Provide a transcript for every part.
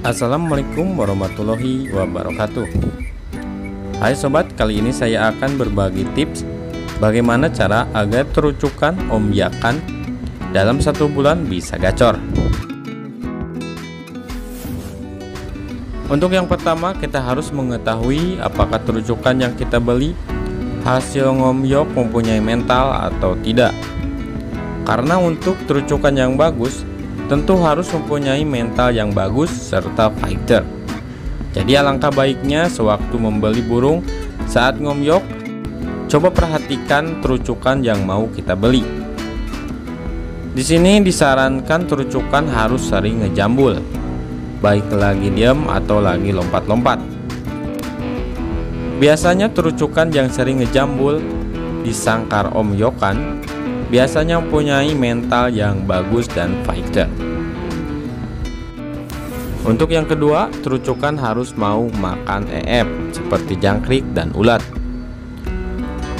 Assalamualaikum warahmatullahi wabarakatuh Hai sobat, kali ini saya akan berbagi tips Bagaimana cara agar terucukan omjakan dalam satu bulan bisa gacor Untuk yang pertama, kita harus mengetahui apakah terucukan yang kita beli hasil ngomyok mempunyai mental atau tidak Karena untuk terucukan yang bagus, tentu harus mempunyai mental yang bagus serta fighter. Jadi alangkah baiknya sewaktu membeli burung saat ngomyok, coba perhatikan terucukan yang mau kita beli. Di sini disarankan terucukan harus sering ngejambul, baik lagi diam atau lagi lompat-lompat. Biasanya terucukan yang sering ngejambul disangkar om yokan biasanya mempunyai mental yang bagus dan fighter. Untuk yang kedua, terucukan harus mau makan EF seperti jangkrik dan ulat.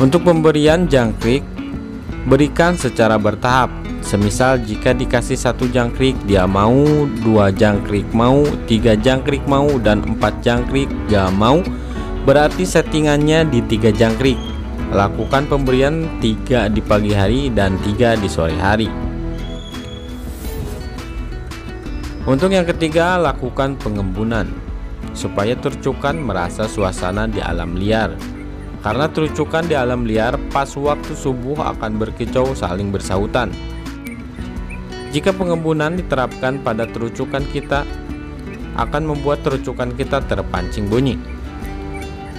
Untuk pemberian jangkrik, berikan secara bertahap. Semisal jika dikasih satu jangkrik dia mau, dua jangkrik mau, tiga jangkrik mau, dan empat jangkrik gak mau, berarti settingannya di tiga jangkrik Lakukan pemberian tiga di pagi hari dan tiga di sore hari. Untuk yang ketiga, lakukan pengembunan supaya tercukan merasa suasana di alam liar. Karena terucukan di alam liar pas waktu subuh akan berkicau saling bersahutan. Jika pengembunan diterapkan pada terucukan kita, akan membuat terucukan kita terpancing bunyi.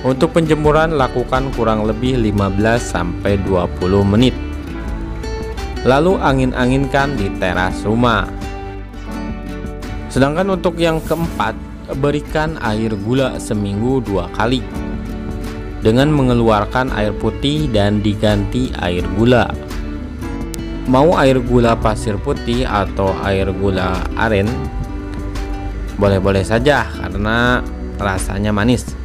Untuk penjemuran lakukan kurang lebih 15-20 menit Lalu angin-anginkan di teras rumah Sedangkan untuk yang keempat Berikan air gula seminggu dua kali Dengan mengeluarkan air putih dan diganti air gula Mau air gula pasir putih atau air gula aren Boleh-boleh saja karena rasanya manis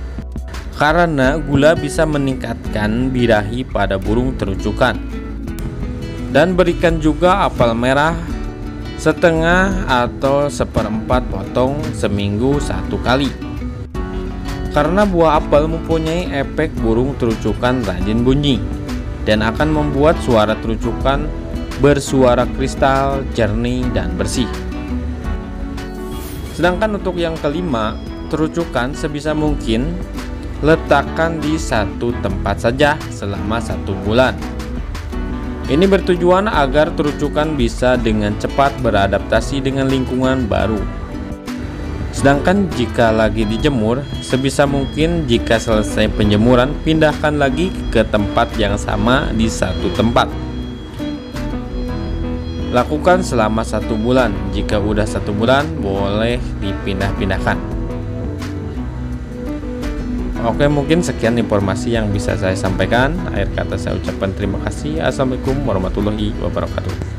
karena gula bisa meningkatkan birahi pada burung terucukan. Dan berikan juga apel merah setengah atau seperempat potong seminggu satu kali. Karena buah apel mempunyai efek burung terucukan rajin bunyi dan akan membuat suara terucukan bersuara kristal, jernih, dan bersih. Sedangkan untuk yang kelima, terucukan sebisa mungkin letakkan di satu tempat saja selama satu bulan. Ini bertujuan agar terucukan bisa dengan cepat beradaptasi dengan lingkungan baru. Sedangkan jika lagi dijemur, sebisa mungkin jika selesai penjemuran, pindahkan lagi ke tempat yang sama di satu tempat. Lakukan selama satu bulan. Jika udah satu bulan, boleh dipindah-pindahkan. Oke mungkin sekian informasi yang bisa saya sampaikan. Akhir kata saya ucapkan terima kasih. Assalamualaikum warahmatullahi wabarakatuh.